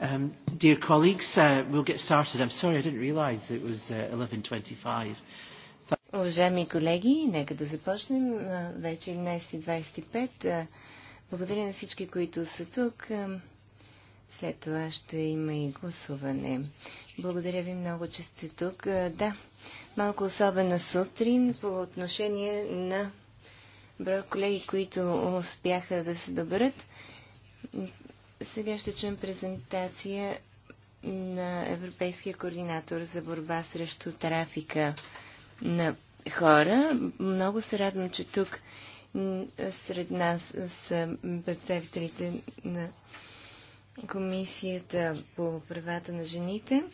Um, dear colleagues, uh, we'll get started. I'm sorry, I didn't realize it was uh, 11.25. Уважаеми колеги, нека да започнем. Вече 11.25. Е благодаря на всички, които са тук. След това ще има и гласуване. Благодаря ви много, че сте тук. Да, малко особена сутрин по отношение на броя колеги, които успяха да се добрат. Сега ще чуем презентация на Европейския координатор за борба срещу трафика на хора. Много се радвам, че тук сред нас са представителите на Комисията по правата на жените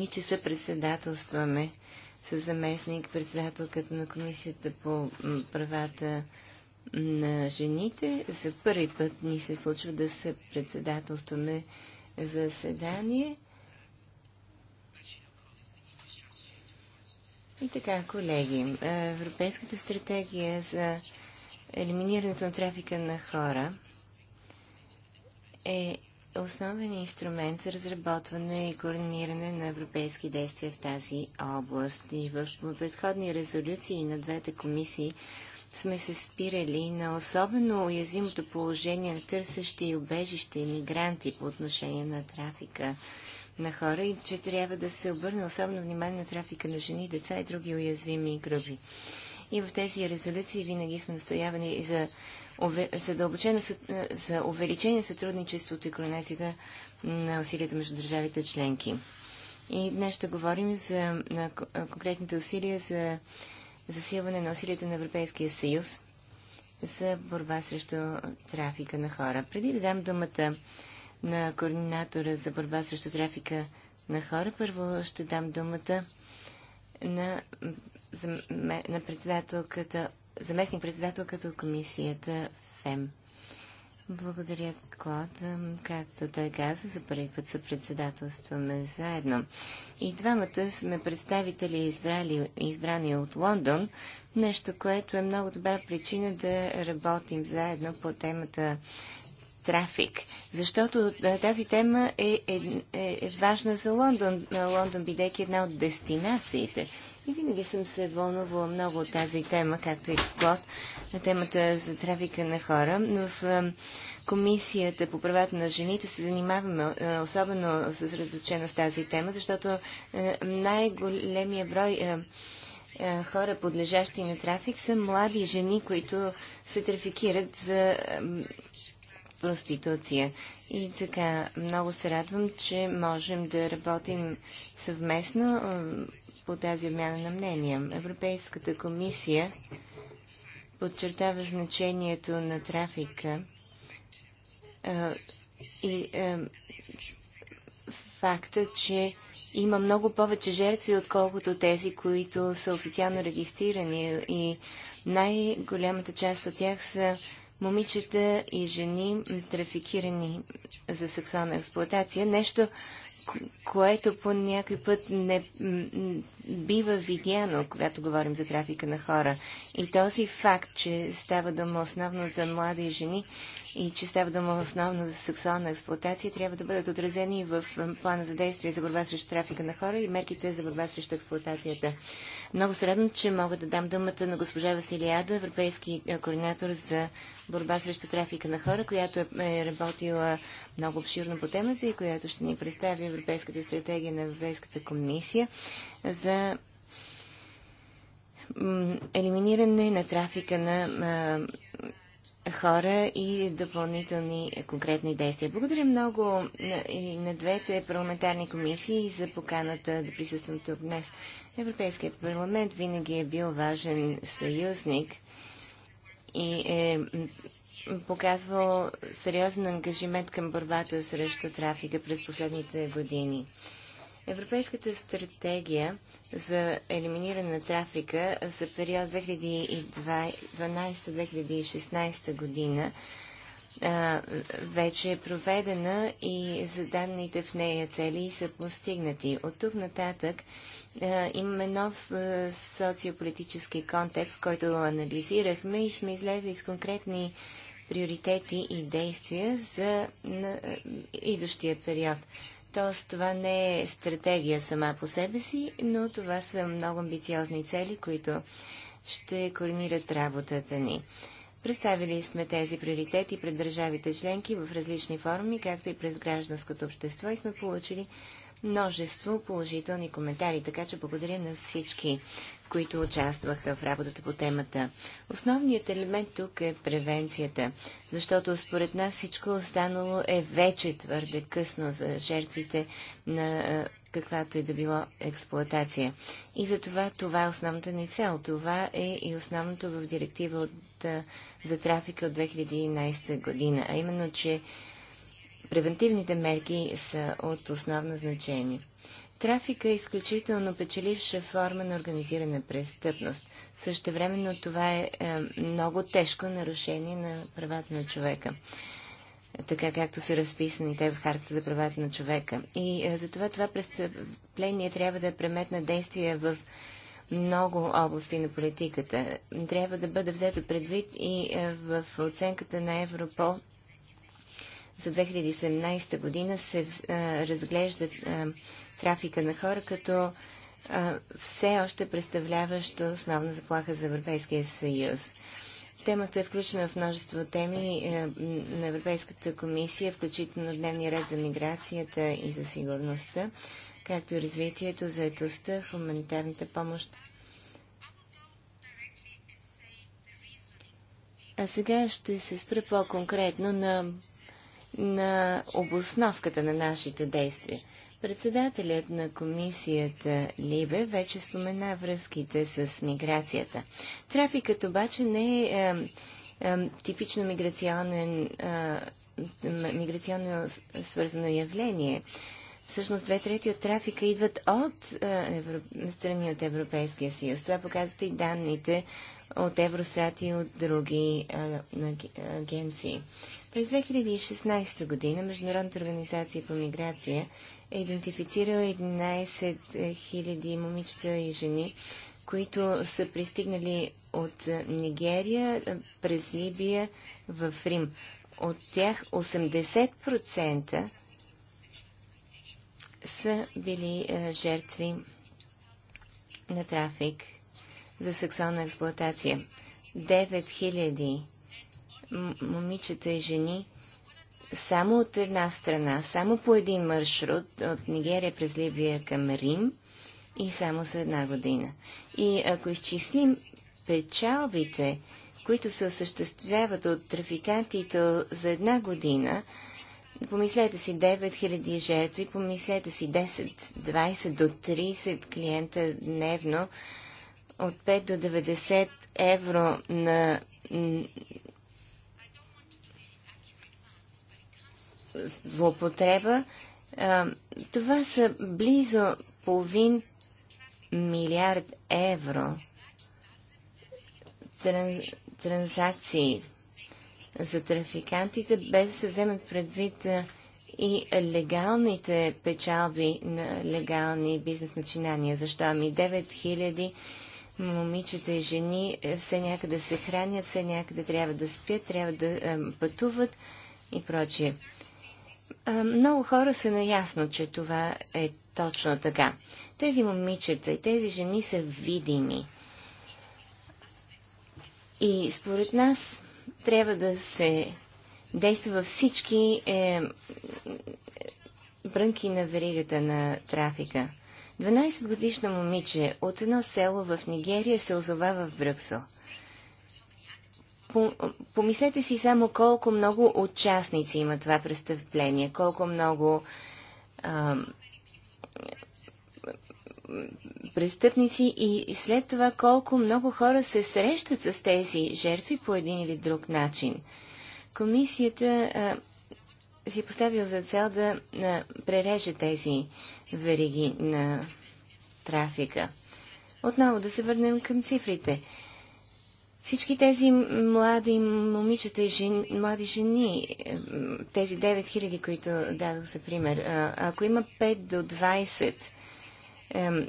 и че се председателстваме с заместник председателката на Комисията по правата на на жените. За първи път ни се случва да се председателстваме заседание. И така, колеги, Европейската стратегия за елиминирането на трафика на хора е основен инструмент за разработване и координиране на европейски действия в тази област. И в предходни резолюции на двете комисии сме се спирали на особено уязвимото положение на търсещи и убежище иммигранти мигранти по отношение на трафика на хора и че трябва да се обърне особено внимание на трафика на жени, деца и други уязвими групи. И в тези резолюции винаги сме настоявани за, задълбочено, за увеличение сътрудничеството и координацията на усилията между държавите членки. И днес ще говорим за конкретните усилия за засилване на усилията на Европейския съюз за борба срещу трафика на хора. Преди да дам думата на координатора за борба срещу трафика на хора, първо ще дам думата на, на председателката, заместник председателката от комисията ФЕМ. Благодаря, Клод. Както той каза, за първи път се председателстваме заедно. И двамата сме представители избрали, избрани от Лондон, нещо, което е много добра причина да работим заедно по темата трафик. Защото тази тема е, е, е важна за Лондон. Лондон бидейки една от дестинациите и винаги съм се вълнувала много от тази тема, както и Клод, на темата за трафика на хора. Но в Комисията по правата на жените се занимаваме особено съсредоточено с тази тема, защото най-големия брой хора, подлежащи на трафик, са млади жени, които се трафикират за проституция. И така, много се радвам, че можем да работим съвместно по тази обмяна на мнения. Европейската комисия подчертава значението на трафика и факта, че има много повече жертви, отколкото тези, които са официално регистрирани и най-голямата част от тях са момичета и жени, трафикирани за сексуална експлуатация. Нещо, което по някой път не бива видяно, когато говорим за трафика на хора. И този факт, че става дума основно за млади жени и че става дума основно за сексуална експлуатация, трябва да бъдат отразени в плана за действие за борба срещу трафика на хора и мерките за борба срещу експлуатацията. Много се радвам, че мога да дам думата на госпожа Василиадо, европейски координатор за борба срещу трафика на хора, която е, е работила много обширно по темата и която ще ни представи Европейската стратегия на Европейската комисия за елиминиране на трафика на хора и допълнителни конкретни действия. Благодаря много на, и на двете парламентарни комисии за поканата да присъствам тук днес. Европейският парламент винаги е бил важен съюзник – и е показвал сериозен ангажимент към борбата срещу трафика през последните години. Европейската стратегия за елиминиране на трафика за период 2012-2016 година вече е проведена и заданните в нея цели са постигнати. От тук нататък а, имаме нов а, социополитически контекст, който анализирахме и сме излезли с конкретни приоритети и действия за на, идущия период. Тоест, това не е стратегия сама по себе си, но това са много амбициозни цели, които ще координират работата ни. Представили сме тези приоритети пред държавите членки в различни форми, както и през гражданското общество и сме получили множество положителни коментари, така че благодаря на всички, които участваха в работата по темата. Основният елемент тук е превенцията, защото според нас всичко останало е вече твърде късно за жертвите на каквато и е да било експлоатация. И за това това е основната ни цел. Това е и основното в директива от, за трафика от 2011 година, а именно, че превентивните мерки са от основно значение. Трафика е изключително печеливша форма на организирана престъпност. Същевременно това е, е много тежко нарушение на правата на човека така както са разписани те в Харта за правата на човека. И е, затова това престъпление трябва да е преметна действия в много области на политиката. Трябва да бъде взето предвид и е, в оценката на Европол за 2017 година се а, разглежда а, трафика на хора като а, все още представляващо основна заплаха за Европейския съюз. Темата е включена в множество теми е, на Европейската комисия, включително дневния ред за миграцията и за сигурността, както и развитието, заетостта, хуманитарната помощ. А сега ще се спра по-конкретно на, на обосновката на нашите действия. Председателят на комисията Либе вече спомена връзките с миграцията. Трафикът обаче не е, е, е типично миграционен, е, миграционно свързано явление. Всъщност две трети от трафика идват от е, евро... страни от Европейския съюз. Това показват и данните от Еврострат и от други е, агенции. През 2016 година Международната организация по миграция е идентифицирал 11 000 момичета и жени, които са пристигнали от Нигерия през Либия в Рим. От тях 80% са били е, жертви на трафик за сексуална експлоатация. 9000 момичета и жени само от една страна, само по един маршрут от Нигерия през Либия към Рим и само за една година. И ако изчислим печалбите, които се осъществяват от трафикантите за една година, помислете си 9000 жертви, помислете си 10, 20 до 30 клиента дневно, от 5 до 90 евро на злоупотреба. Това са близо половин милиард евро тран, транзакции за трафикантите, без да се вземат предвид и легалните печалби на легални бизнес начинания. Защо? Ами 9000 момичета и жени е, все някъде се хранят, все някъде трябва да спят, трябва да пътуват и прочие много хора са наясно, че това е точно така. Тези момичета и тези жени са видими. И според нас трябва да се действа във всички е, брънки на веригата на трафика. 12-годишно момиче от едно село в Нигерия се озова в Брюксел. Помислете си само колко много участници има това престъпление, колко много а, престъпници и след това колко много хора се срещат с тези жертви по един или друг начин. Комисията а, си поставил за цел да а, пререже тези вериги на трафика. Отново да се върнем към цифрите. Всички тези млади момичета и жен, млади жени, е, тези 9000, които дадох за пример, ако има 5 до 20 е,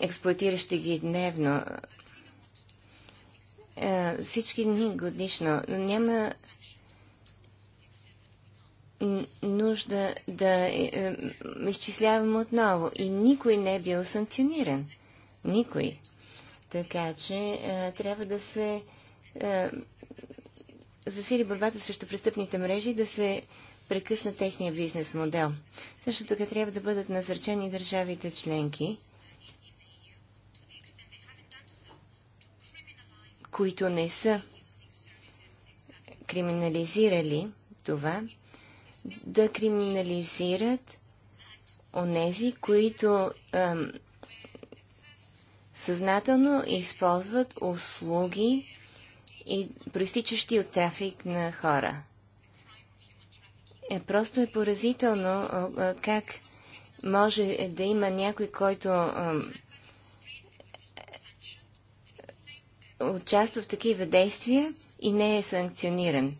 експлуатиращи ги дневно, е, всички дни годишно, няма нужда да изчислявам отново. И никой не е бил санкциониран. Никой. Така че а, е, трябва да се а, е, засили борбата срещу престъпните мрежи и да се прекъсна техния бизнес модел. Също така трябва да бъдат назначени държавите членки, които не са криминализирали това, да криминализират онези, които съзнателно използват услуги, и проистичащи от трафик на хора. Е, просто е поразително как може да има някой, който участва в такива действия и не е санкциониран.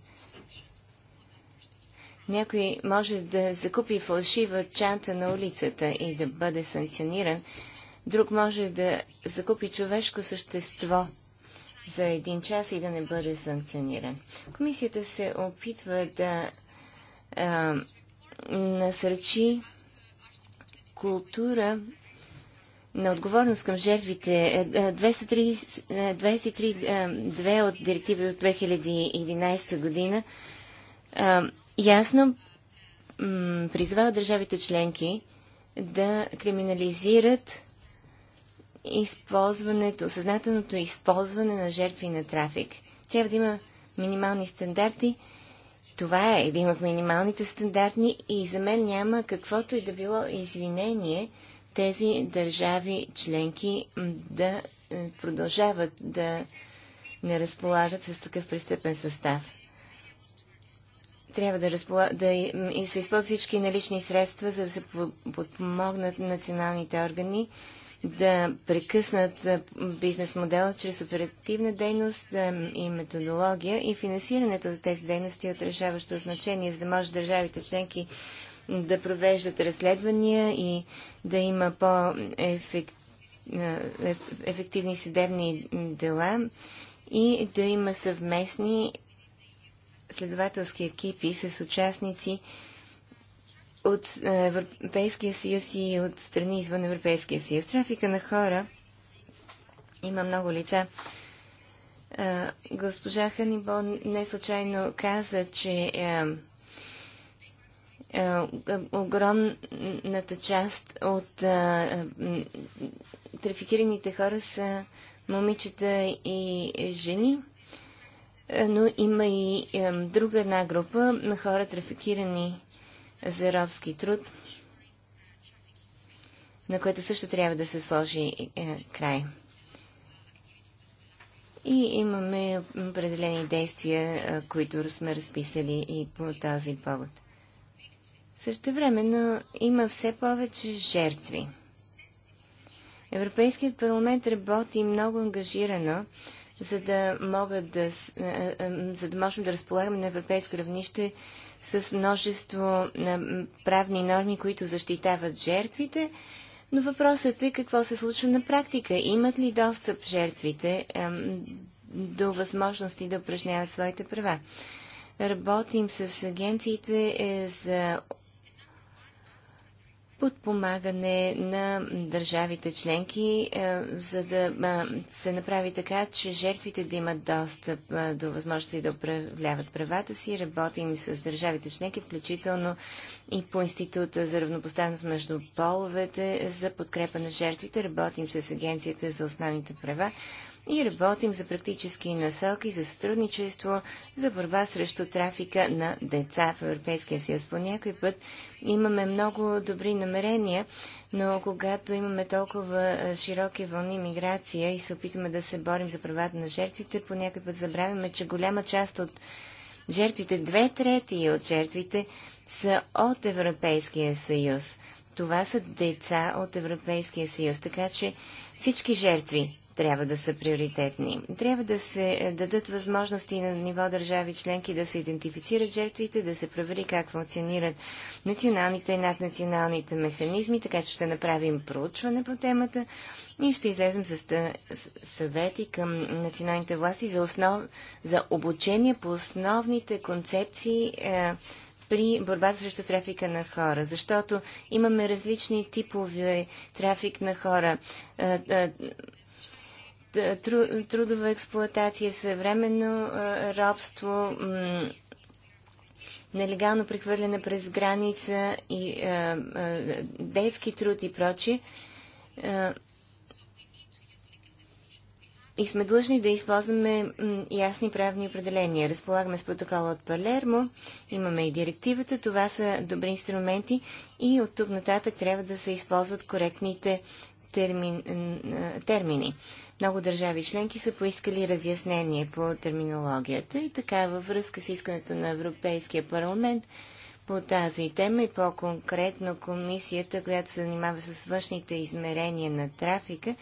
Някой може да закупи фалшива чанта на улицата и да бъде санкциониран, друг може да закупи човешко същество за един час и да не бъде санкциониран. Комисията се опитва да а, насърчи култура на отговорност към жертвите 23.2 е, е, е, от директива от 2011 година а, ясно призвава държавите членки да криминализират използването, съзнателното използване на жертви на трафик. Трябва да има минимални стандарти. Това е, да имат минималните стандарти и за мен няма каквото и да било извинение тези държави членки да е, продължават да не разполагат с такъв престъпен състав. Трябва да, разпола... да се използват всички налични средства, за да се подпомогнат националните органи да прекъснат бизнес модела чрез оперативна дейност и методология и финансирането за тези дейности е от значение, за да може държавите членки да провеждат разследвания и да има по-ефективни съдебни дела и да има съвместни следователски екипи с участници от Европейския съюз и от страни извън Европейския съюз. Трафика на хора има много лица. госпожа Ханибол не случайно каза, че огромната част от трафикираните хора са момичета и жени, но има и друга една група на хора трафикирани за робски труд, на което също трябва да се сложи е, край. И имаме определени действия, е, които сме разписали и по този повод. Също времено има все повече жертви. Европейският парламент работи много ангажирано, за да, могат да, е, е, за да можем да разполагаме на европейско равнище с множество правни норми, които защитават жертвите, но въпросът е какво се случва на практика. Имат ли достъп жертвите до възможности да упражняват своите права? Работим с агенциите е, за подпомагане на държавите членки, е, за да е, се направи така, че жертвите да имат достъп е, до възможности да управляват правата си. Работим с държавите членки, включително и по Института за равнопоставеност между половете за подкрепа на жертвите. Работим с Агенцията за основните права и работим за практически насоки за сътрудничество за борба срещу трафика на деца в Европейския съюз. По някой път имаме много добри намерения, но когато имаме толкова широки вълни миграция и се опитаме да се борим за правата на жертвите, по някой път забравяме, че голяма част от жертвите, две трети от жертвите, са от Европейския съюз. Това са деца от Европейския съюз, така че всички жертви трябва да са приоритетни. Трябва да се е, дадат възможности на ниво държави членки да се идентифицират жертвите, да се провери как функционират националните и наднационалните механизми, така че ще направим проучване по темата и ще излезем с съвети към националните власти за, основ... за обучение по основните концепции е, при борбата срещу трафика на хора, защото имаме различни типове трафик на хора. Трудова експлоатация, съвременно робство, нелегално прехвърляне през граница и детски труд и прочи, и сме длъжни да използваме ясни правни определения. Разполагаме с протокола от Палермо, имаме и директивата, това са добри инструменти и от тук нататък трябва да се използват коректните термин, термини. Много държави членки са поискали разяснение по терминологията и така във връзка с искането на Европейския парламент по тази тема и по-конкретно комисията, която се занимава с външните измерения на трафика,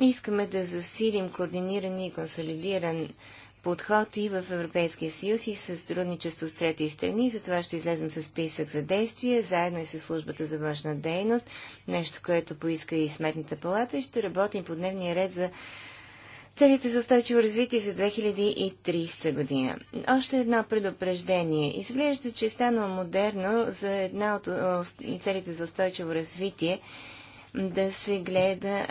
Искаме да засилим координиран и консолидиран подход и в Европейския съюз и с трудничество с трети страни. Затова ще излезем с списък за действия, заедно и с службата за външна дейност, нещо, което поиска и Сметната палата и ще работим по дневния ред за целите за устойчиво развитие за 2030 година. Още едно предупреждение. Изглежда, че е станало модерно за една от целите за устойчиво развитие да се гледа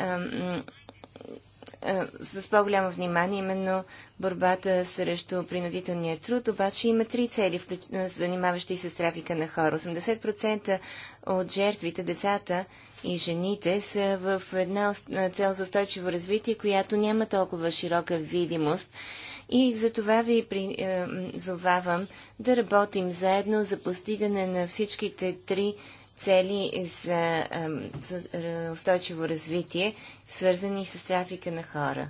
е, с по-голямо внимание именно борбата срещу принудителния труд, обаче има три цели, е, занимаващи се с трафика на хора. 80% от жертвите, децата и жените са в една е, цел за устойчиво развитие, която няма толкова широка видимост. И за това ви призовавам да работим заедно за постигане на всичките три цели за устойчиво развитие, свързани с трафика на хора.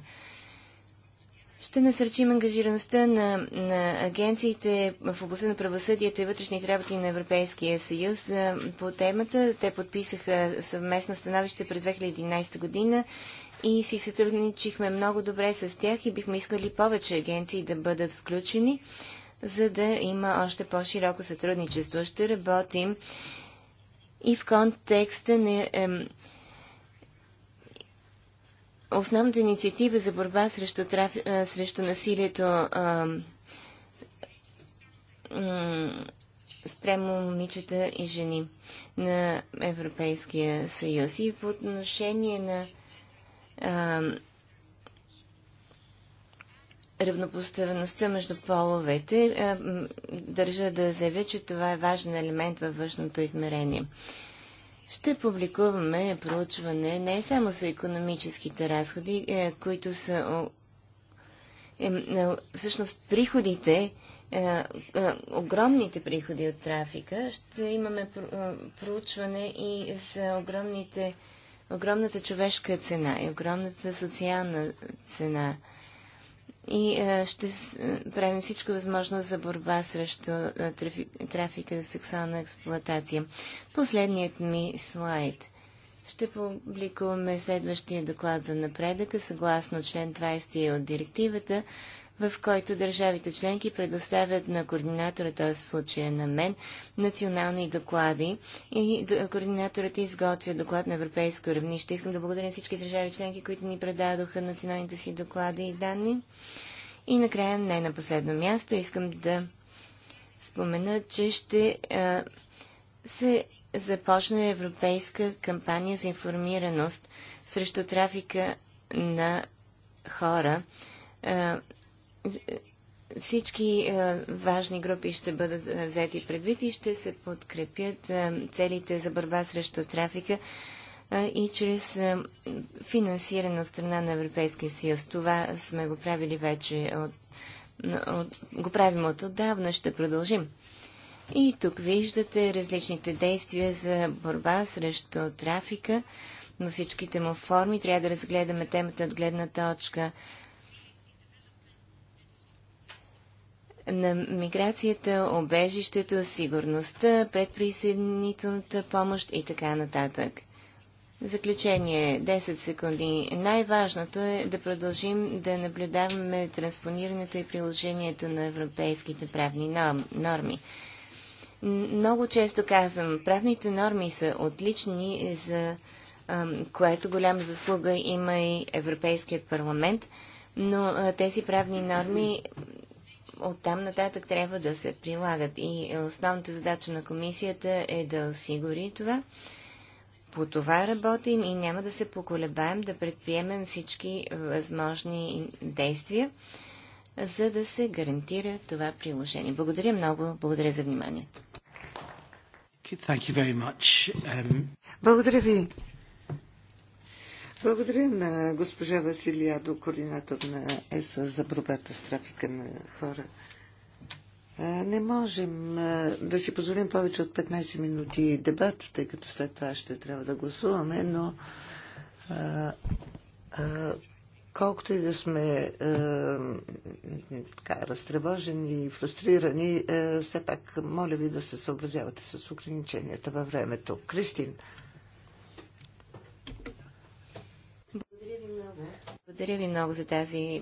Ще насърчим ангажираността на, на агенциите в областта на правосъдието и вътрешните работи на Европейския съюз по темата. Те подписаха съвместно становище през 2011 година и си сътрудничихме много добре с тях и бихме искали повече агенции да бъдат включени, за да има още по-широко сътрудничество. Ще работим и в контекста на ем, основната инициатива за борба срещу, траф... Е, срещу насилието ем, спрямо момичета и жени на Европейския съюз. И по отношение на ем, равнопоставеността между половете, държа да заявя, че това е важен елемент във външното измерение. Ще публикуваме проучване не само за економическите разходи, които са е, всъщност приходите, огромните приходи от трафика. Ще имаме проучване и за огромните, огромната човешка цена и огромната социална цена – и а, е, ще с, правим всичко възможно за борба срещу а, е, трафи, трафика за сексуална експлуатация. Последният ми слайд. Ще публикуваме следващия доклад за напредъка, съгласно член 20 от директивата в който държавите членки предоставят на координатора, т.е. в случая на мен, национални доклади и координаторът изготвя доклад на европейско равнище. Искам да благодаря всички държави членки, които ни предадоха националните си доклади и данни. И накрая, не на последно място, искам да спомена, че ще а, се започне европейска кампания за информираност срещу трафика на хора. А, всички е, важни групи ще бъдат е, взети предвид и ще се подкрепят е, целите за борба срещу трафика и чрез финансиране от страна на Европейския съюз. Това сме го правили вече от, от, го правим от отдавна, ще продължим. И тук виждате различните действия за борба срещу трафика, но всичките му форми трябва да разгледаме темата от гледна точка на миграцията, обежището, сигурността, предприсъединителната помощ и така нататък. Заключение 10 секунди. Най-важното е да продължим да наблюдаваме транспонирането и приложението на европейските правни норми. Много често казвам, правните норми са отлични, за което голяма заслуга има и Европейският парламент, но тези правни норми оттам нататък трябва да се прилагат. И основната задача на комисията е да осигури това. По това работим и няма да се поколебаем да предприемем всички възможни действия, за да се гарантира това приложение. Благодаря много. Благодаря за вниманието. Um, Благодаря ви. Благодаря на госпожа Василиадо, координатор на ЕСА за борбата с трафика на хора. Не можем да си позволим повече от 15 минути дебат, тъй като след това ще трябва да гласуваме, но а, а, колкото и да сме а, така, разтревожени и фрустрирани, все пак моля ви да се съобразявате с ограниченията във времето. Кристин. Благодаря ви много за тази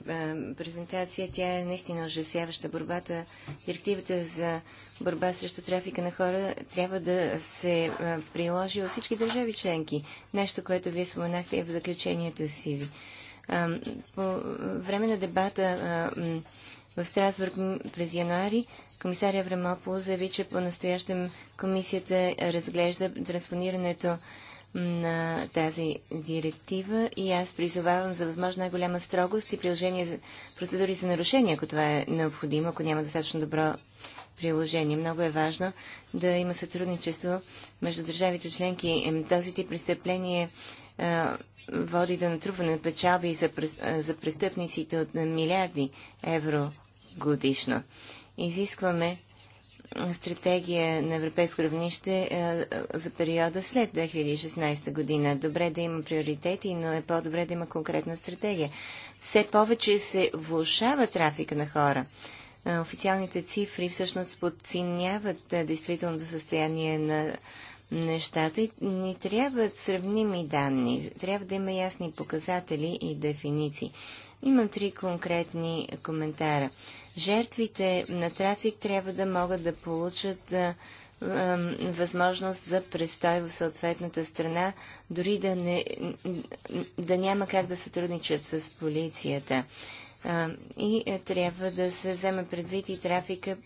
презентация. Тя е наистина ужасяваща. Борбата, директивата за борба срещу трафика на хора трябва да се приложи във всички държави членки. Нещо, което вие споменахте и в заключението си ви. По време на дебата в Страсбург през януари комисаря Врамопол заяви, че по-настоящем комисията разглежда транспонирането на тази директива и аз призовавам за възможно най-голяма строгост и приложение за процедури за нарушение, ако това е необходимо, ако няма достатъчно добро приложение. Много е важно да има сътрудничество между държавите членки. Този тип престъпление води до натрупване на печалби за, за престъпниците от милиарди евро годишно. Изискваме стратегия на европейско равнище е, е, за периода след 2016 година. Добре да има приоритети, но е по-добре да има конкретна стратегия. Все повече се влушава трафика на хора. Е, официалните цифри всъщност подценяват действителното състояние на нещата и ни трябват сравними данни. Трябва да има ясни показатели и дефиниции. Имам три конкретни коментара. Жертвите на трафик трябва да могат да получат а, а, възможност за престой в съответната страна, дори да, не, да няма как да сътрудничат с полицията. А, и трябва да се вземе предвид и трафика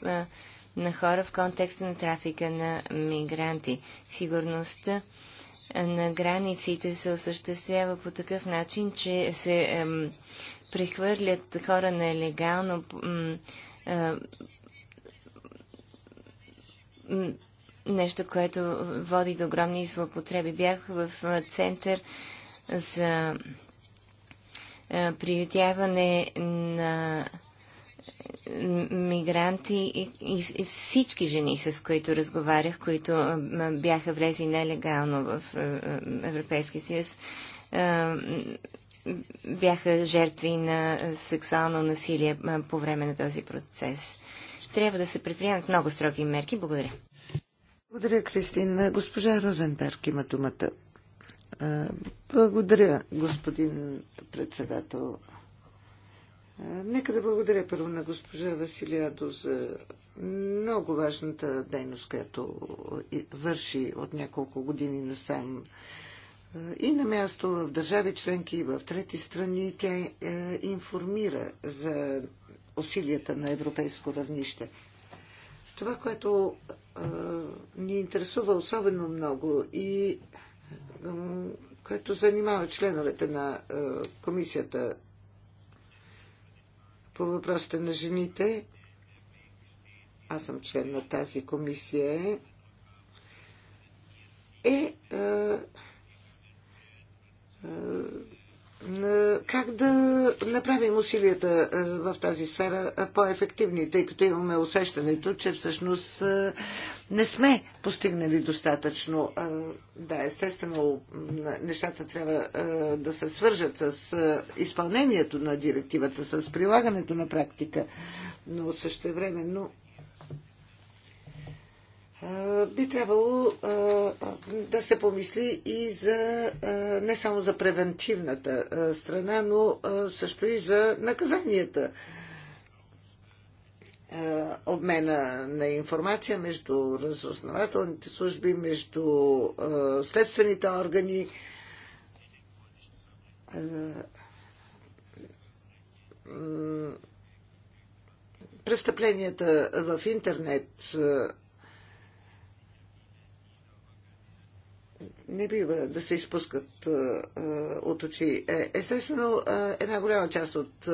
на хора в контекста на трафика на мигранти. Сигурността на границите се осъществява по такъв начин, че се прехвърлят хора нелегално нещо, което води до огромни злопотреби. Бях в център за приютяване на мигранти и, всички жени, с които разговарях, които бяха влезли нелегално в Европейския съюз, бяха жертви на сексуално насилие по време на този процес. Трябва да се предприемат много строги мерки. Благодаря. Благодаря, Кристин. Госпожа Розенберг има думата. Благодаря, господин председател. Нека да благодаря първо на госпожа Василиадо за много важната дейност, която върши от няколко години насам. сам и на място в държави членки и в трети страни тя е, информира за усилията на европейско равнище. Това, което ни интересува особено много и което занимава членовете на комисията по въпросите на жените. Аз съм член на тази комисия. Е, е е, е, как да направим усилията е, в тази сфера по-ефективни, тъй като имаме усещането, че всъщност не сме постигнали достатъчно. Да, естествено, нещата трябва да се свържат с изпълнението на директивата, с прилагането на практика, но същевременно би трябвало да се помисли и за не само за превентивната страна, но също и за наказанията. Обмена на информация между разузнавателните служби, между следствените органи. Престъпленията в интернет не бива да се изпускат от очи. Е, естествено, една голяма част от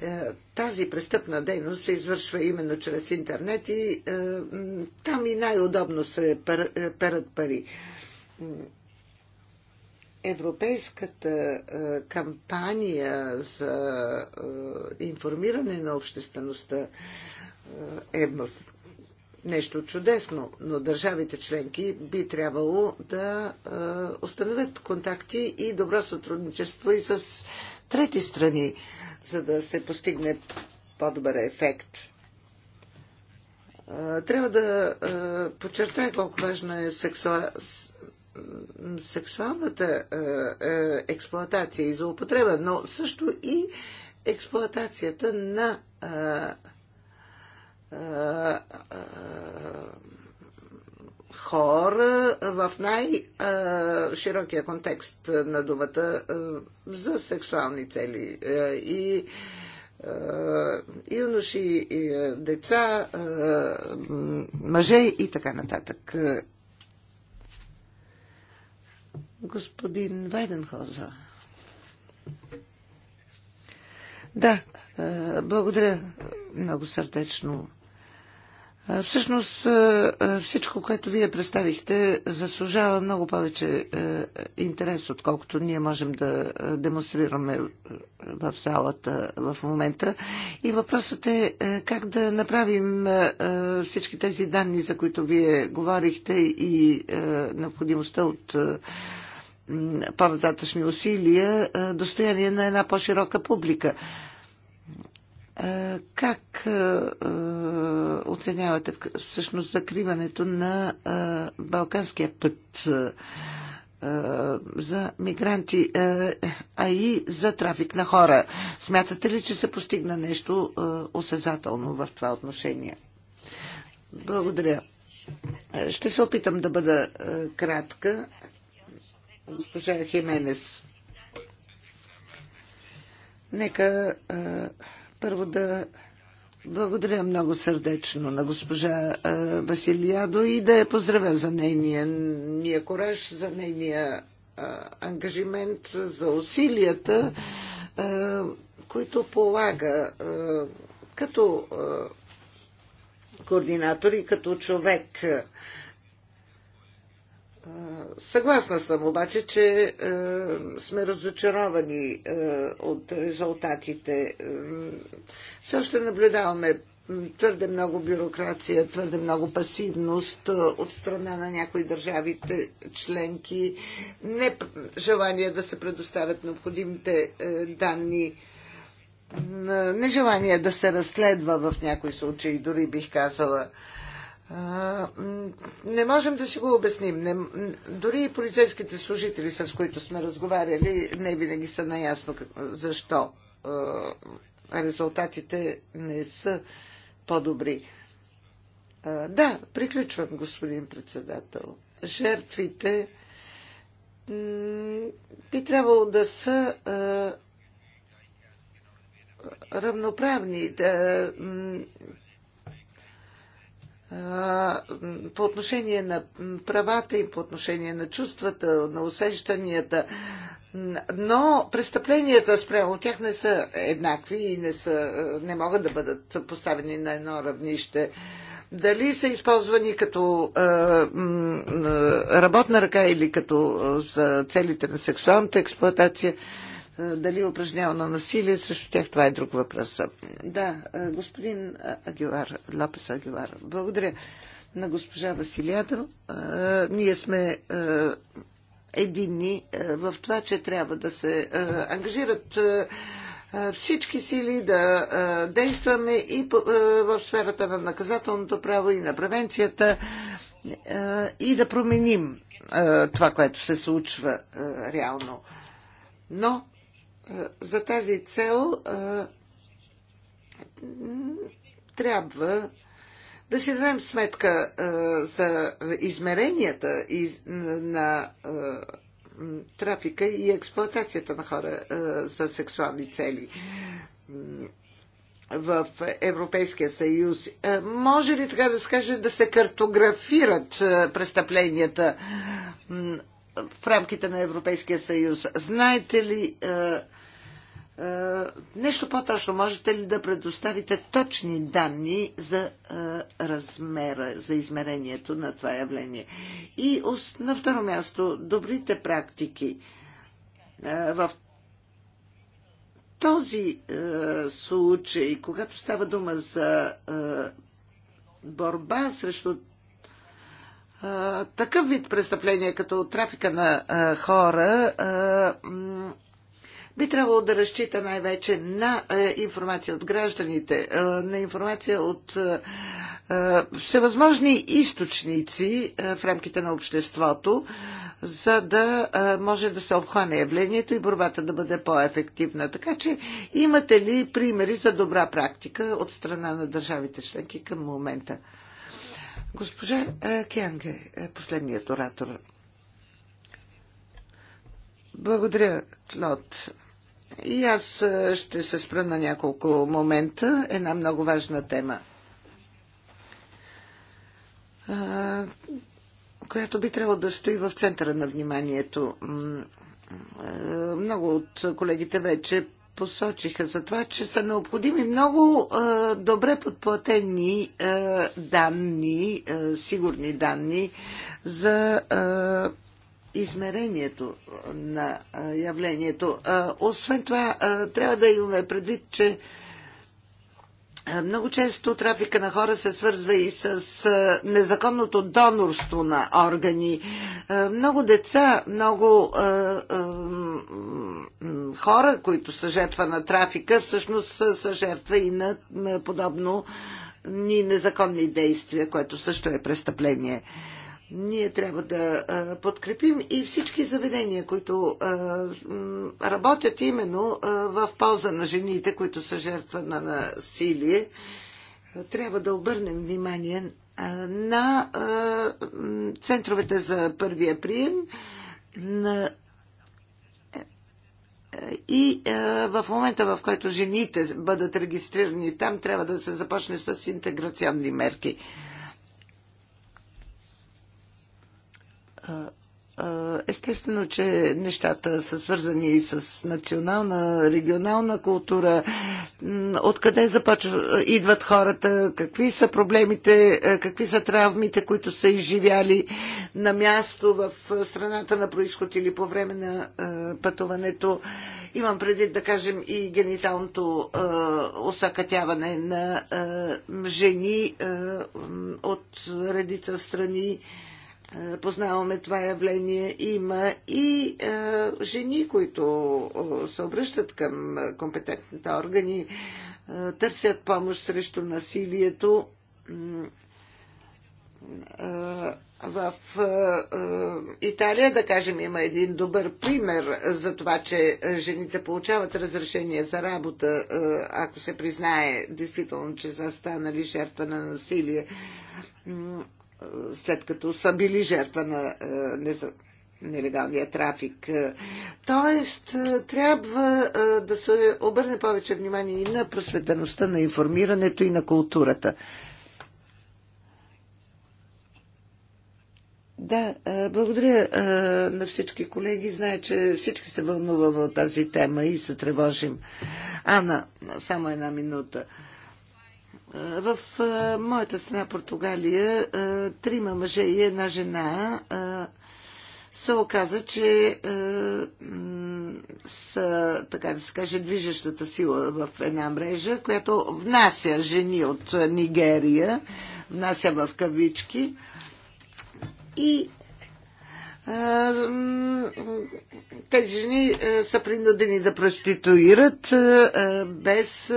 е, тази престъпна дейност се извършва именно чрез интернет и е, там и най-удобно се перат пари. Европейската кампания за информиране на обществеността е в нещо чудесно, но държавите членки би трябвало да е, установят контакти и добро сътрудничество и с трети страни, за да се постигне по-добър ефект. Е, трябва да е, подчертая колко важна е сексуа... сексуалната е, е, експлоатация и злоупотреба, но също и експлоатацията на е, е, е, хора в най-широкия контекст на думата е, за сексуални цели. И юноши, и деца, мъже и така нататък. Господин Вайденхоза. Да, благодаря много сърдечно Всъщност всичко, което вие представихте, заслужава много повече е, интерес, отколкото ние можем да демонстрираме е, в залата в момента. И въпросът е, е как да направим всички тези данни, за които вие говорихте и необходимостта от по-нататъчни усилия, достояние на една по-широка публика. Как оценявате всъщност закриването на Балканския път за мигранти, а и за трафик на хора? Смятате ли, че се постигна нещо осезателно в това отношение? Благодаря. Ще се опитам да бъда кратка. Госпожа Хименес. Нека първо да благодаря много сърдечно на госпожа Василиадо и да я поздравя за нейния ния кораж, за нейния ангажимент, за усилията, които полага като координатор и като човек Съгласна съм обаче, че е, сме разочаровани е, от резултатите. Все още наблюдаваме твърде много бюрокрация, твърде много пасивност е, от страна на някои държавите членки, не желание да се предоставят необходимите е, данни, е, нежелание да се разследва в някои случаи, дори бих казала не можем да си го обясним. Не, дори и полицейските служители, с които сме разговаряли, не винаги са наясно защо резултатите не са по-добри. Да, приключвам, господин председател. Жертвите би трябвало да са равноправни. Да, по отношение на правата им, по отношение на чувствата, на усещанията, но престъпленията спрямо тях не са еднакви и не, са, не могат да бъдат поставени на едно равнище. Дали са използвани като работна ръка или като за целите на сексуалната експлоатация, е, дали е упражнява на насилие срещу тях, това е друг въпрос. Да, е, господин Агивар, Лапес Агивар, благодаря на госпожа Василиада. Ние сме единни в това, че трябва да се ангажират всички сили да действаме и в сферата на наказателното право и на превенцията и да променим това, което се случва реално. Но е, за тази цел е, трябва да си дадем сметка е, за измеренията на трафика и експлоатацията на хора за сексуални цели в Европейския съюз. Може ли така да се каже да се картографират престъпленията в рамките на Европейския съюз. Знаете ли е, е, нещо по-точно? Можете ли да предоставите точни данни за е, размера, за измерението на това явление? И на второ място, добрите практики в този случай, когато става дума за борба срещу такъв вид престъпления, като трафика на а, хора, а, би трябвало да разчита най-вече на а, информация от гражданите, а, на информация от а, всевъзможни източници а, в рамките на обществото, за да а, може да се обхване явлението и борбата да бъде по-ефективна. Така че имате ли примери за добра практика от страна на държавите членки към момента? Госпожа е, Кянге е последният оратор. Благодаря, Клод. И аз е, ще се спра на няколко момента. Една много важна тема, е, която би трябвало да стои в центъра на вниманието. Много от колегите вече посочиха за това, че са необходими много а, добре подплатени а, данни, а, сигурни данни за а, измерението на а, явлението. А, освен това, а, трябва да имаме предвид, че а, е, много често трафика на хора се свързва и с е, незаконното донорство на органи. Е, много деца, много хора, които са жертва на трафика, всъщност са жертва и на подобно ни незаконни действия, което също е престъпление ние трябва да подкрепим и всички заведения, които работят именно в полза на жените, които са жертва на насилие. Трябва да обърнем внимание на центровете за първия прием на и в момента, в който жените бъдат регистрирани там, трябва да се започне с интеграционни мерки. Естествено, че нещата са свързани и с национална, регионална култура. Откъде започва, идват хората, какви са проблемите, какви са травмите, които са изживяли на място в страната на происход или по време на пътуването. Имам предвид, да кажем, и гениталното осакатяване на жени от редица страни познаваме това явление. Има и а, е, жени, които е, се обръщат към компетентните органи, а, е, търсят помощ срещу насилието. А, в Италия, да кажем, има един добър пример за това, че жените получават разрешение за работа, ако се признае действително, че са станали жертва на насилие след като са били жертва на е, нелегалния трафик. Е, тоест, е, трябва да се обърне повече внимание и на просветеността, на информирането и на културата. Да, благодаря на всички колеги. Знае, че всички се вълнуваме от тази тема и се тревожим. Ана, само една минута. В моята страна Португалия трима мъже и една жена се оказа, че са, така да се каже, движещата сила в една мрежа, която внася жени от Нигерия, внася в кавички. И тези жени са принудени да проституират без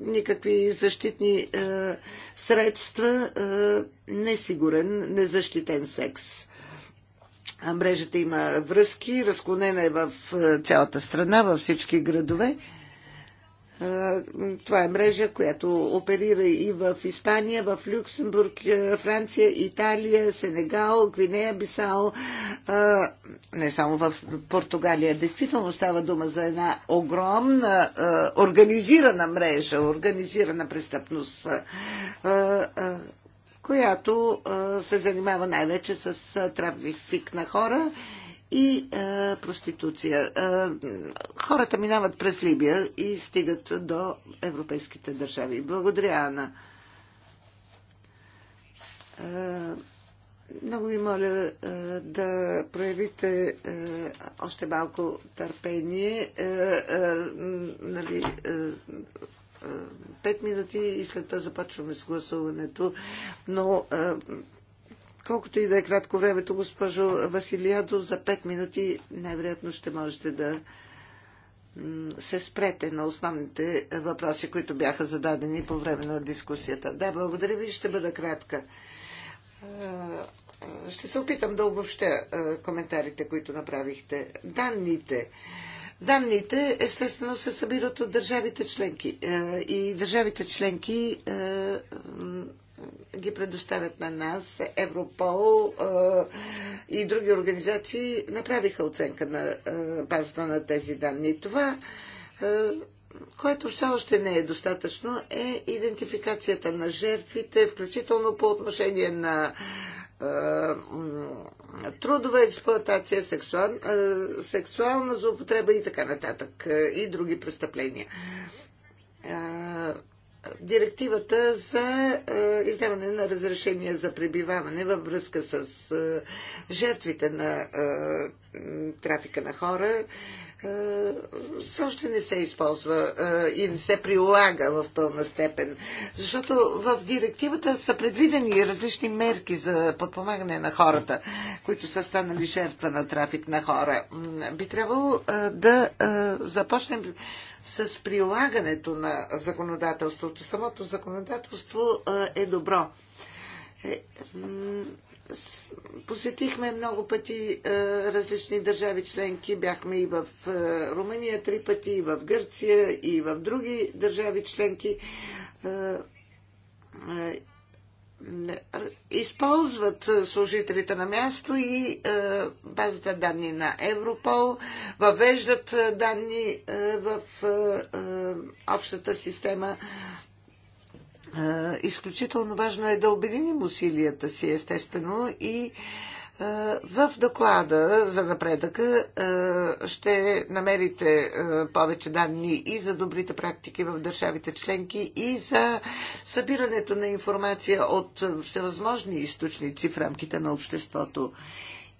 никакви защитни средства, несигурен, незащитен секс. Мрежата има връзки, разклонена е в цялата страна, във всички градове. Това е мрежа, която оперира и в Испания, в Люксембург, Франция, Италия, Сенегал, Гвинея, Бисао, не само в Португалия. Действително става дума за една огромна организирана мрежа, организирана престъпност която се занимава най-вече с трафик на хора и а, е, проституция. А, е, хората минават през Либия и стигат до европейските държави. Благодаря, Ана. Е, много ви моля а, да проявите а, още малко търпение. А, а, нали, а, Пет минути и след това започваме с гласуването, но а, Колкото и да е кратко времето, госпожо Василиадо, за 5 минути най-вероятно ще можете да се спрете на основните въпроси, които бяха зададени по време на дискусията. Да, благодаря ви, ще бъда кратка. Е, ще се опитам да обобщя е, коментарите, които направихте. Данните. Данните, естествено, се събират от държавите членки. Е, и държавите членки ги предоставят на нас. Европол и други организации направиха оценка на базата на тези данни. Това което все още не е достатъчно, е идентификацията на жертвите, включително по отношение на е, трудова експлоатация, сексуал, сексуална злоупотреба и така нататък, и други престъпления директивата за е, издаване на разрешение за пребиваване във връзка с е, жертвите на е, трафика на хора е, все още не се използва е, и не се прилага в пълна степен. Защото в директивата са предвидени различни мерки за подпомагане на хората, които са станали жертва на трафик на хора. Би трябвало е, да започнем с прилагането на законодателството. Самото законодателство е добро посетихме много пъти е, различни държави членки. Бяхме и в е, Румъния три пъти, и в Гърция, и в други държави членки. Е, използват служителите на място и базата данни на Европол, въвеждат данни в общата система Изключително важно е да обединим усилията си, естествено, и в доклада за напредъка ще намерите повече данни и за добрите практики в държавите членки и за събирането на информация от всевъзможни източници в рамките на обществото.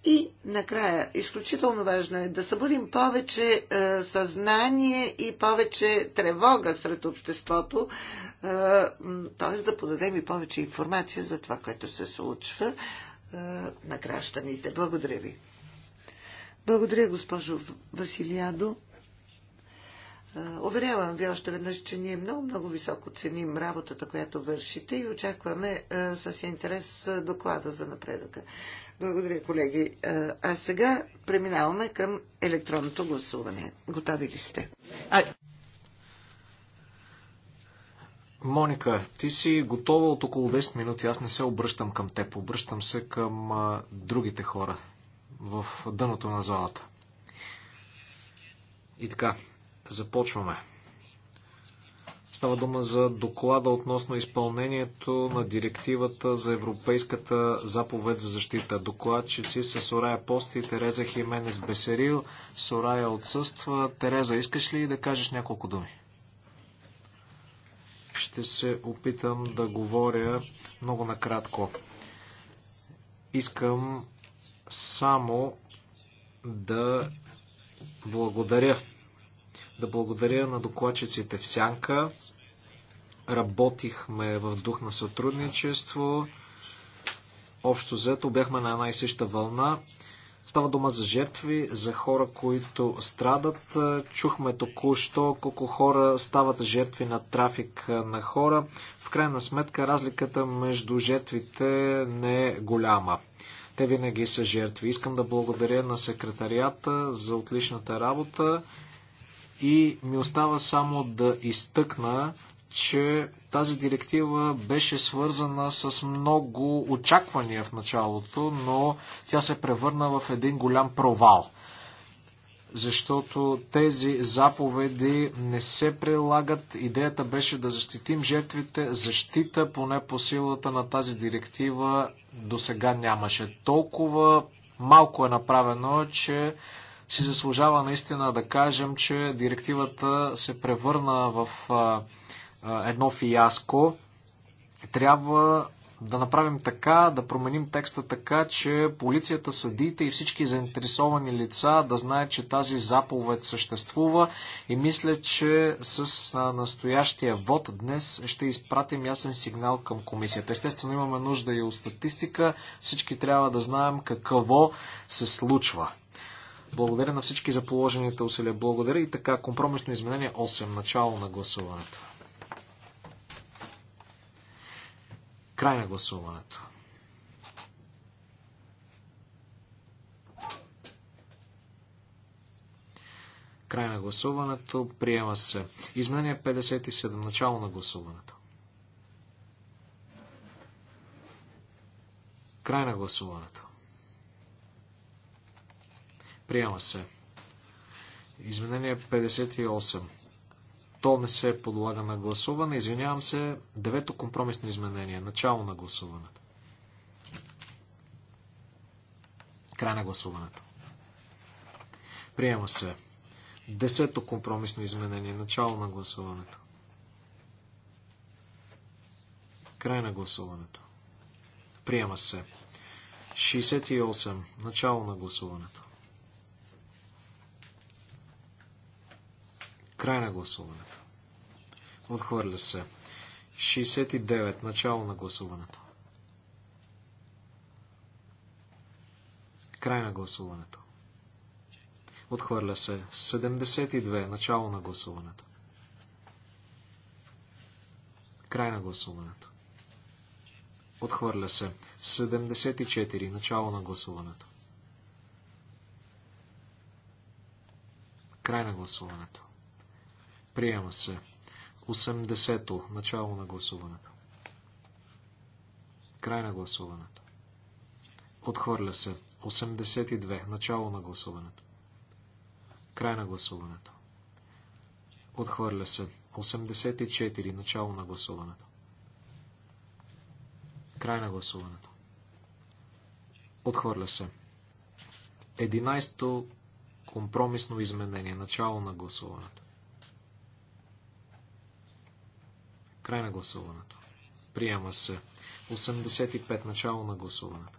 И накрая, изключително важно е да събудим повече е, съзнание и повече тревога сред обществото, е, т.е. да подадем и повече информация за това, което се случва е, на гражданите. Благодаря ви. Благодаря, госпожо Василиадо. Е, уверявам ви още веднъж, че ние много-много високо ценим работата, която вършите и очакваме е, с интерес е, доклада за напредъка. Благодаря, колеги. А сега преминаваме към електронното гласуване. Готови ли сте? Моника, ти си готова от около 10 минути. Аз не се обръщам към теб, обръщам се към а, другите хора в дъното на залата. И така, започваме. Става дума за доклада относно изпълнението на директивата за Европейската заповед за защита. Докладчици са Сорая Пости и Тереза Хименес Бесерил. Сорая отсъства. Тереза, искаш ли да кажеш няколко думи? Ще се опитам да говоря много накратко. Искам само да благодаря да благодаря на докладчиците в Сянка. Работихме в дух на сътрудничество. Общо взето бяхме на една и съща вълна. Става дума за жертви, за хора, които страдат. Чухме току-що колко хора стават жертви на трафик на хора. В крайна сметка разликата между жертвите не е голяма. Те винаги са жертви. Искам да благодаря на секретарията за отличната работа. И ми остава само да изтъкна, че тази директива беше свързана с много очаквания в началото, но тя се превърна в един голям провал. Защото тези заповеди не се прилагат. Идеята беше да защитим жертвите. Защита, поне по силата на тази директива, до сега нямаше. Толкова малко е направено, че си заслужава наистина да кажем, че директивата се превърна в едно фиаско. Трябва да направим така, да променим текста така, че полицията, съдите и всички заинтересовани лица да знаят, че тази заповед съществува и мисля, че с настоящия вод днес ще изпратим ясен сигнал към комисията. Естествено имаме нужда и от статистика, всички трябва да знаем какво се случва. Благодаря на всички за положените усилия. Благодаря и така. Компромисно изменение 8. Начало на гласуването. Край на гласуването. Край на гласуването. Приема се. Изменение 57. Начало на гласуването. Край на гласуването. Приема се. Изменение 58. То не се подлага на гласуване. Извинявам се. Девето компромисно изменение. Начало на гласуването. Край на гласуването. Приема се. Десето компромисно изменение. Начало на гласуването. Край на гласуването. Приема се. 68. Начало на гласуването. Край на гласуването. Отхвърля се. 69. Начало на гласуването. Край на гласуването. Отхвърля се. 72. Начало на гласуването. Край на гласуването. Отхвърля се. 74. Начало на гласуването. Край на гласуването. Приема се. 80-то. Начало на гласуването. Край на гласуването. Отхвърля се. 82. Начало на гласуването. Край на гласуването. Отхвърля се. 84. Начало на гласуването. Край на гласуването. Отхвърля се. 11. Компромисно изменение. Начало на гласуването. Край на гласуването. Приема се. 85. Начало на гласуването.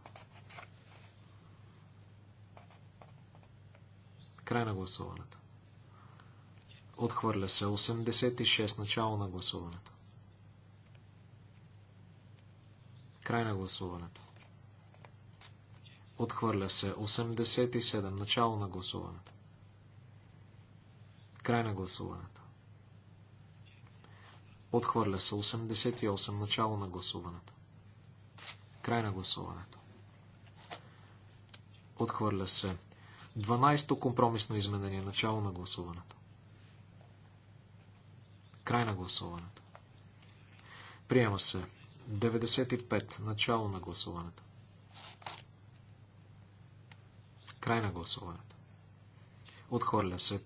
Край на гласуването. Отхвърля се. 86. Начало на гласуването. Край на гласуването. Отхвърля се. 87. Начало на гласуването. Край на гласуването. Отхвърля се 88. Начало на гласуването. Край на гласуването. Отхвърля се 12. Компромисно изменение. Начало на гласуването. Край на гласуването. Приема се 95. Начало на гласуването. Край на гласуването. Отхвърля се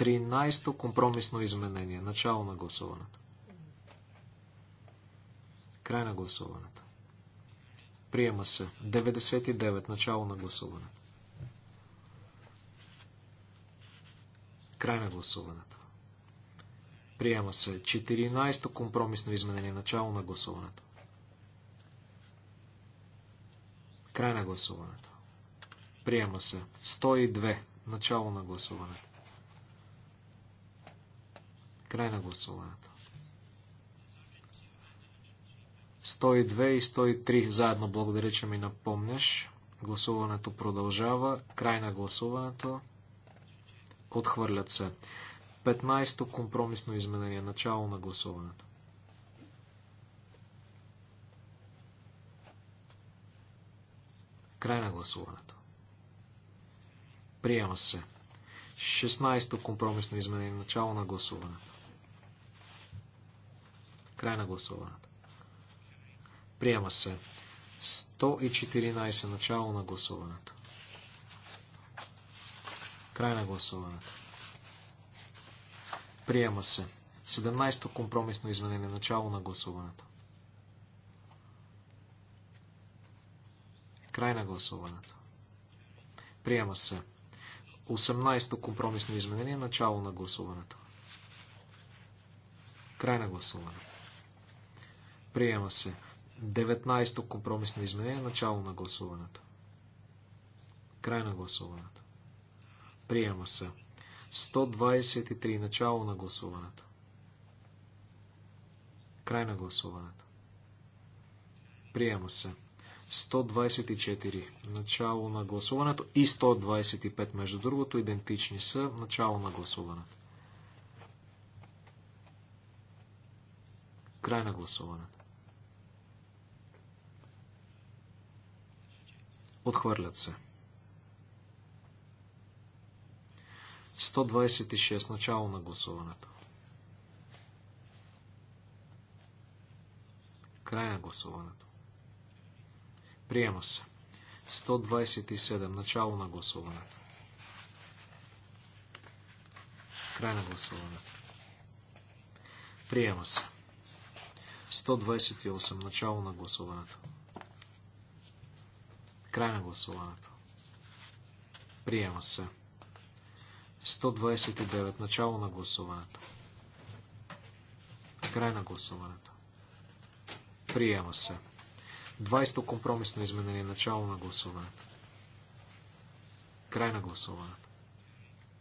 13-то компромисно изменение. Начало на гласуването. Край на гласуването. Приема се. 99. Начало на гласуването. Край на гласуването. Приема се. 14-то компромисно изменение. Начало на гласуването. Край на гласуването. Приема се. 102. Начало на гласуването. Край на гласуването. 102 и 103 заедно. Благодаря, че ми напомняш. Гласуването продължава. Край на гласуването. Отхвърлят се. 15-то компромисно изменение. Начало на гласуването. Край на гласуването. Приема се. 16-то компромисно изменение. Начало на гласуването. Край на гласуването. Приема се. 114. Начало на гласуването. Край на гласуването. Приема се. 17-то компромисно изменение. Начало на гласуването. Край на гласуването. Приема се. 18-то компромисно изменение. Начало на гласуването. Край на гласуването. Приема се. 19-то компромисно изменение. Начало на гласуването. Край на гласуването. Приема се. 123. Начало на гласуването. Край на гласуването. Приема се. 124. Начало на гласуването и 125. Между другото, идентични са. Начало на гласуването. Край на гласуването. Отхвърлят се. 126. Начало на гласуването. Край на гласуването. Приема се. 127. Начало на гласуването. Край на гласуването. Приема се. 128. Начало на гласуването. Край на гласуването. Приема се. 129. Начало на гласуването. Край на гласуването. Приема се. 20. Компромисно изменение. Начало на гласуването. Край на гласуването.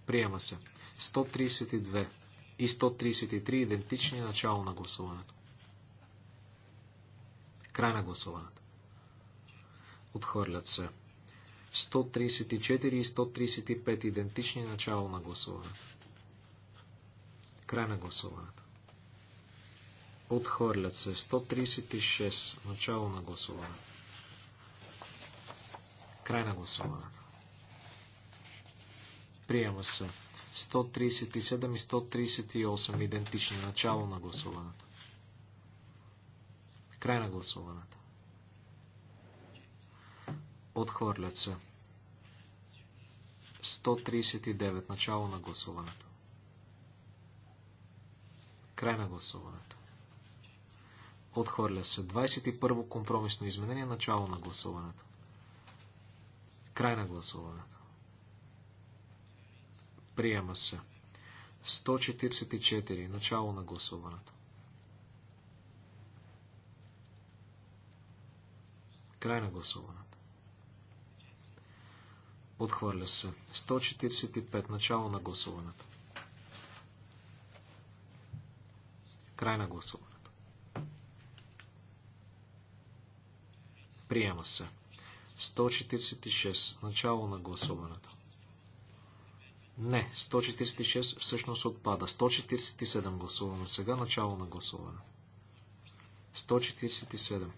Приема се. 132 и 133 идентични начало на гласуването. Край на гласуването. Отхвърлят се. 134 и 135 идентични начало на гласуването. Край на гласуването. Отхвърлят се. 136 начало на гласуването. Край на гласуването. Приема се. 137 и 138 идентични начало на гласуването. Край на гласуването. Отхвърлят се. 139. Начало на гласуването. Край на гласуването. Отхвърля се. 21. Компромисно изменение. Начало на гласуването. Край на гласуването. Приема се. 144. Начало на гласуването. Край на гласуването. Отхвърля се. 145. Начало на гласуването. Край на гласуването. Приема се. 146. Начало на гласуването. Не, 146 всъщност отпада. 147 гласуваме сега. Начало на гласуване. 147.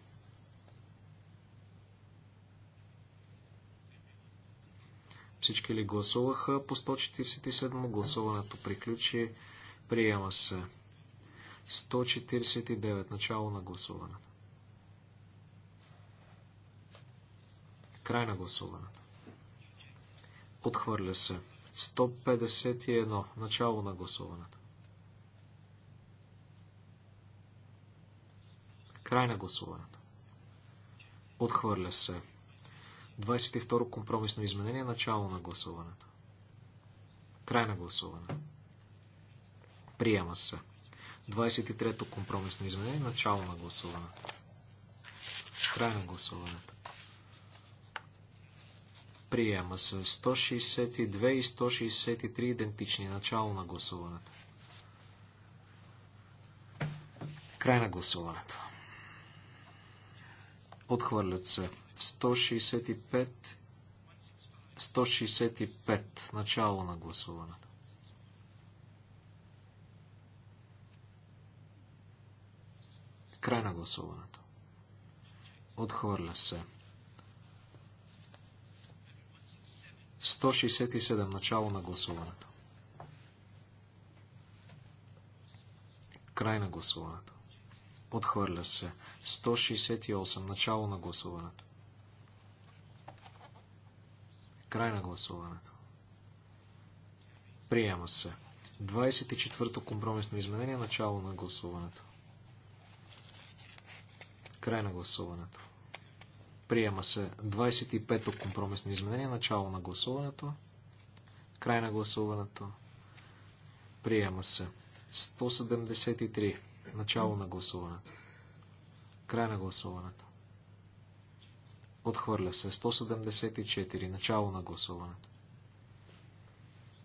Всички ли гласуваха по 147? Гласуването приключи. Приема се. 149. Начало на гласуването. Край на гласуването. Отхвърля се. 151. Начало на гласуването. Край на гласуването. Отхвърля се. 22 компромисно изменение, начало на гласуването. Край на гласуване. Приема се. 23-то компромисно изменение, начало на гласуването. Край на гласуването. Приема се 162 и 163 идентични. Начало на гласуването. Край на гласуването. Отхвърлят се 165, 165, начало на гласуване. Край на гласуването. Отхвърля се. 167, начало на гласуването. Край на гласуването. Отхвърля се. 168, начало на гласуването. Край на гласуването. Приема се. 24-то компромисно изменение. Начало на гласуването. Край на гласуването. Приема се. 25-то компромисно изменение. Начало на гласуването. Край на гласуването. Приема се. 173. Начало на гласуването. Край на гласуването. Отхвърля се. 174. Начало на гласуването.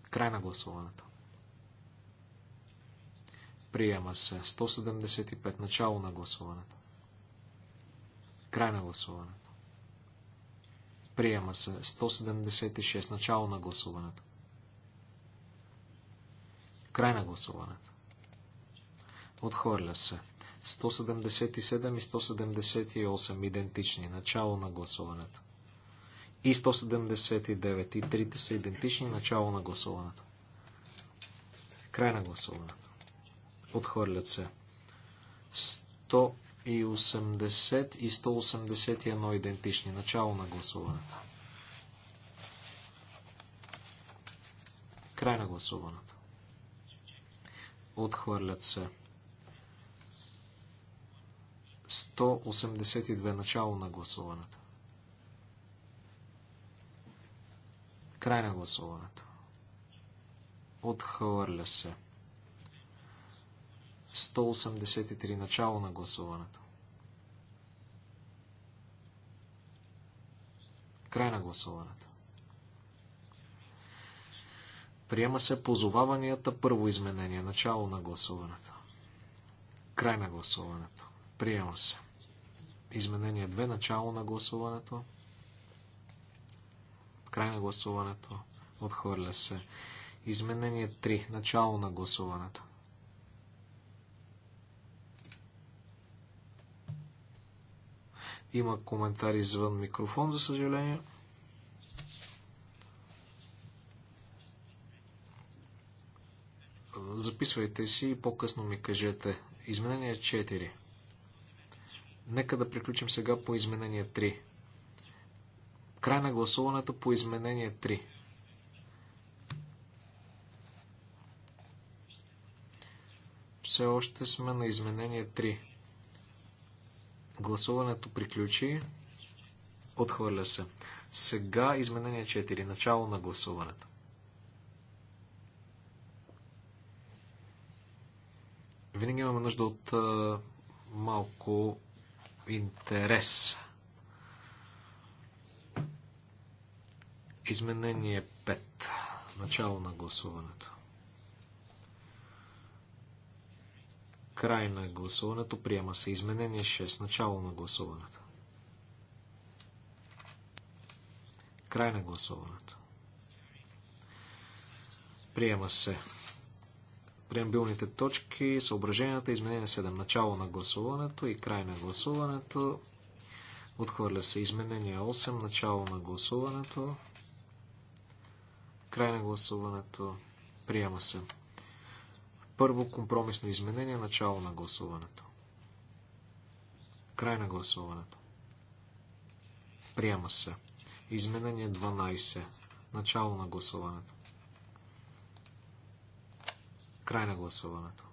Край на гласуването. Приема се. 175. Начало на гласуването. Край на гласуването. Приема се. 176. Начало на гласуването. Край на гласуването. Отхвърля се. 177 и 178 идентични. Начало на гласуването. И 179. И трите са идентични. Начало на гласуването. Край на гласуването. Отхвърлят се. 180 и 181 идентични. Начало на гласуването. Край на гласуването. Отхвърлят се. 182 начало на гласуването. Край на гласуването. Отхвърля се. 183 начало на гласуването. Край на гласуването. Приема се позоваванията първо изменение. Начало на гласуването. Край на гласуването. Приема се. Изменение 2. Начало на гласуването. Край на гласуването. Отхвърля се. Изменение 3. Начало на гласуването. Има коментари извън микрофон, за съжаление. Записвайте си и по-късно ми кажете. Изменение 4. Нека да приключим сега по изменение 3. Край на гласуването по изменение 3. Все още сме на изменение 3. Гласуването приключи. Отхвърля се. Сега изменение 4. Начало на гласуването. Винаги имаме нужда от малко интерес. Изменение 5. Начало на гласуването. Край на гласуването. Приема се изменение 6. Начало на гласуването. Край на гласуването. Приема се преамбилните точки, съображенията, изменение 7. Начало на гласуването и край на гласуването. Отхвърля се изменение 8. Начало на гласуването. Край на гласуването. Приема се. Първо компромисно изменение. Начало на гласуването. Край на гласуването. Приема се. Изменение 12. Начало на гласуването. Край на гласуването.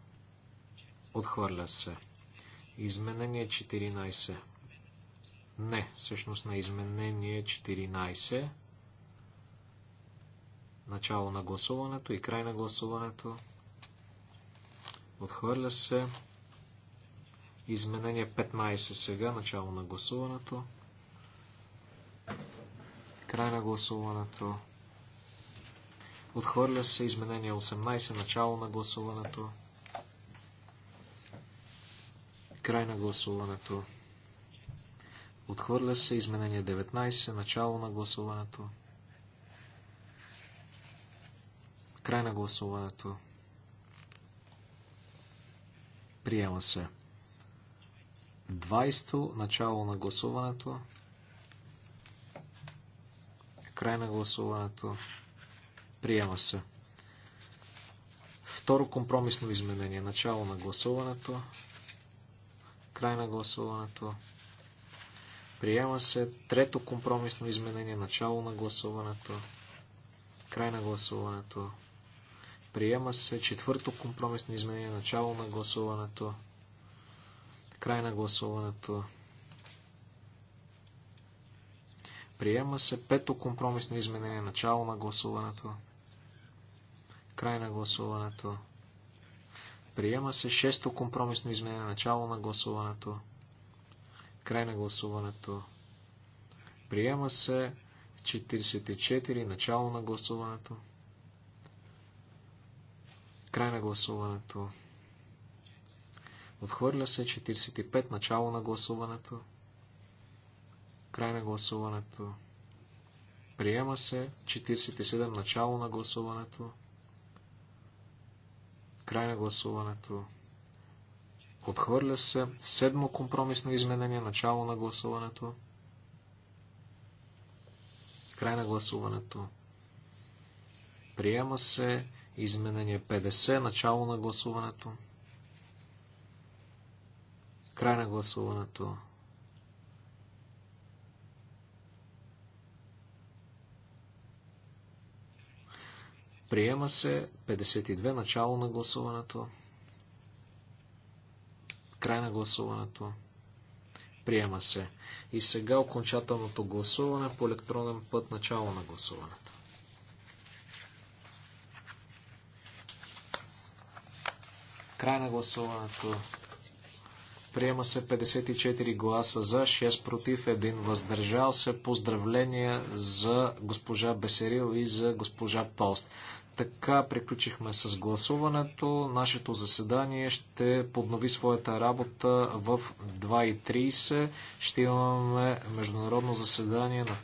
Отхвърля се. Изменение 14. Не, всъщност на изменение 14. Начало на гласуването и край на гласуването. Отхвърля се. Изменение 15 сега, начало на гласуването. Край на гласуването. Отхвърля се изменение 18, начало на гласуването. Край на гласуването. Отхвърля се изменение 19, начало на гласуването. Край на гласуването. Приема се. 20, то начало на гласуването. Край на гласуването. Приема се. Второ компромисно изменение. Начало на гласуването. Край на гласуването. Приема се. Трето компромисно изменение. Начало на гласуването. Край на гласуването. Приема се. Четвърто компромисно изменение. Начало на гласуването. Край на гласуването. Приема се пето компромисно изменение. Начало на гласуването. Край на гласуването. Приема се шесто компромисно изменение. Начало на гласуването. Край на гласуването. Приема се 44. Начало на гласуването. Край на гласуването. Отхвърля се 45. Начало на гласуването. Край на гласуването. Приема се 47. Начало на гласуването. Край на гласуването. Отхвърля се. Седмо компромисно изменение. Начало на гласуването. Край на гласуването. Приема се изменение 50. Начало на гласуването. Край на гласуването. Приема се 52 начало на гласуването. Край на гласуването. Приема се. И сега окончателното гласуване по електронен път начало на гласуването. Край на гласуването. Приема се 54 гласа за, 6 против, 1 въздържал се. Поздравления за госпожа Бесерил и за госпожа Пост. Така приключихме с гласуването. Нашето заседание ще поднови своята работа в 2.30. Ще имаме международно заседание на